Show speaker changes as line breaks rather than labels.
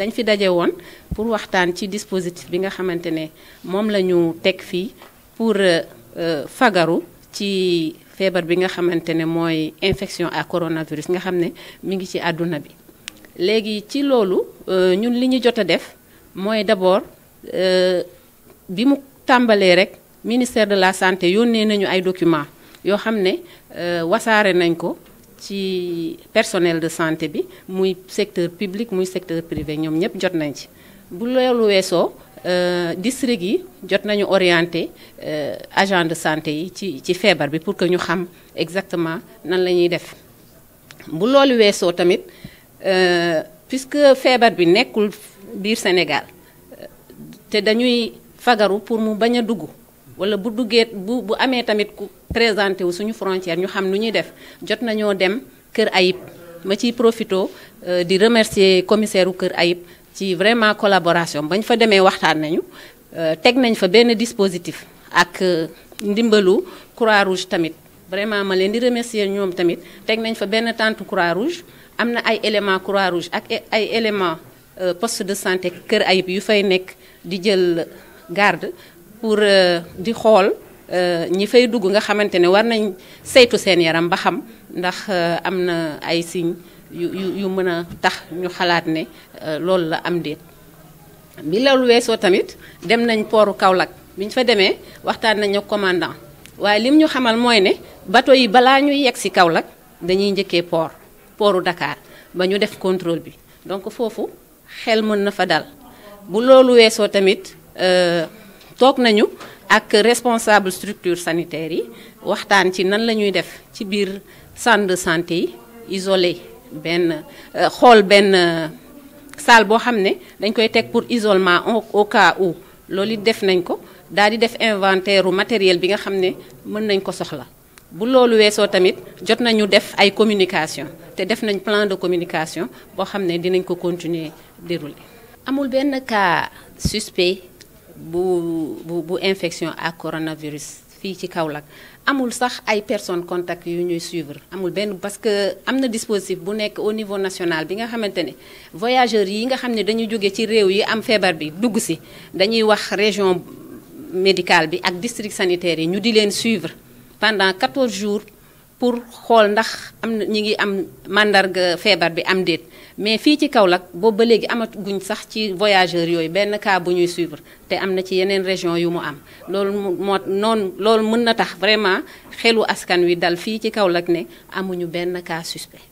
dañ fi daje woon pour waxtaan ci dispositif bi nga xamante ne moom la ñu teg fii pour euh, euh, fagaru ci feebar bi nga xamante ne mooy infection à coronavirus nga xam ne mu ngi ci àdduna bi léegi ci loolu euh, ñun li ñu jot a def mooy d'abord bi mu tàmbalee rek ministère de la santé yónnee nañu ay documents yoo xam ne wasaare nañ ko ci personnel de santé bi muy secteur public muy secteur privé ñoom ñëpp jot nañ ci bu loolu weesoo euh, district yi jot nañu euh, agent de santé yi ci ci feebar bi pour que ñu xam exactement nan la ñuy def bu loolu weesoo tamit euh, puisque feebar bi nekkul biir Sénégal euh, te dañuy fagaru pour mu bañ a dugg wala bu duggee bu bu amee tamit ku présenté wu suñu frontière ñu xam nu ñuy def jot nañoo dem Kër Ayib ma ciy profito euh, di remercier commissaire wu Kër Ayib ci vraiment collaboration bañ fa demee waxtaan nañu euh, teg nañ fa benn dispositif ak euh, ndimbalu Croix Rouge tamit vraiment ma leen di remercier ñoom tamit teg nañ fa benn tente Croix Rouge am na ay élément Croix Rouge ak e, ay élément poste de santé Kër Ayib yu fay nekk di jël garde pour euh, di xool euh, ñi fay dugg nga xamante ne war nañ saytu seen yaram ba xam ndax euh, am na ay signes yu yu mën a tax ñu xalaat ne loolu la am déet. bi loolu weesoo tamit dem nañ pooru Kaolack bi ñu fa demee waxtaan nañ commandant waaye lim ñu xamal mooy ne bato yi balaa ñuy yegg si Kaolack dañuy njëkkee port pooru Dakar ba ñu def contrôle bi donc foofu xel mën na fa dal bu loolu weesoo tamit. tok nañu ak responsable structure sanitaire yi waxtaan ci nan lañuy def ci biir centre de santé yi isolé ben euh, xol ben euh, salle bo xamné dañ koy tek pour isolement au cas où loli def nañ ko daal di def inventaire matériel bi nga xamné ne mën nañ ko soxla bu loolu weesoo tamit jot nañu def ay communication te def nañ plan de communication boo xam ne dinañ ko continuer dérouler amul benn cas suspect bu bu bu infection à coronavirus fii ci Kaolack amul sax ay personnes contact yu ñuy suivre amul benn parce que am na dispositif bu nekk au niveau national bi nga xamante ne voyageurs yi nga xam ne dañuy jóge ci réew yi am feebar bi dugg si dañuy wax région médicale bi ak district sanitaire yi ñu di leen suivre pendant 14 jours. pour xool ndax am na ñi ngi am màndarga feebar bi am déet mais fii ci Kaolack boobu ba léegi amaguñ sax ci voyageurs yooyu benn kaa bu ñuy suivre te am na ci yeneen région yu mu am loolu moo noonu loolu mën na tax vraiment xelu askan wi dal fii ci Kaolack ne amuñu benn cas suspect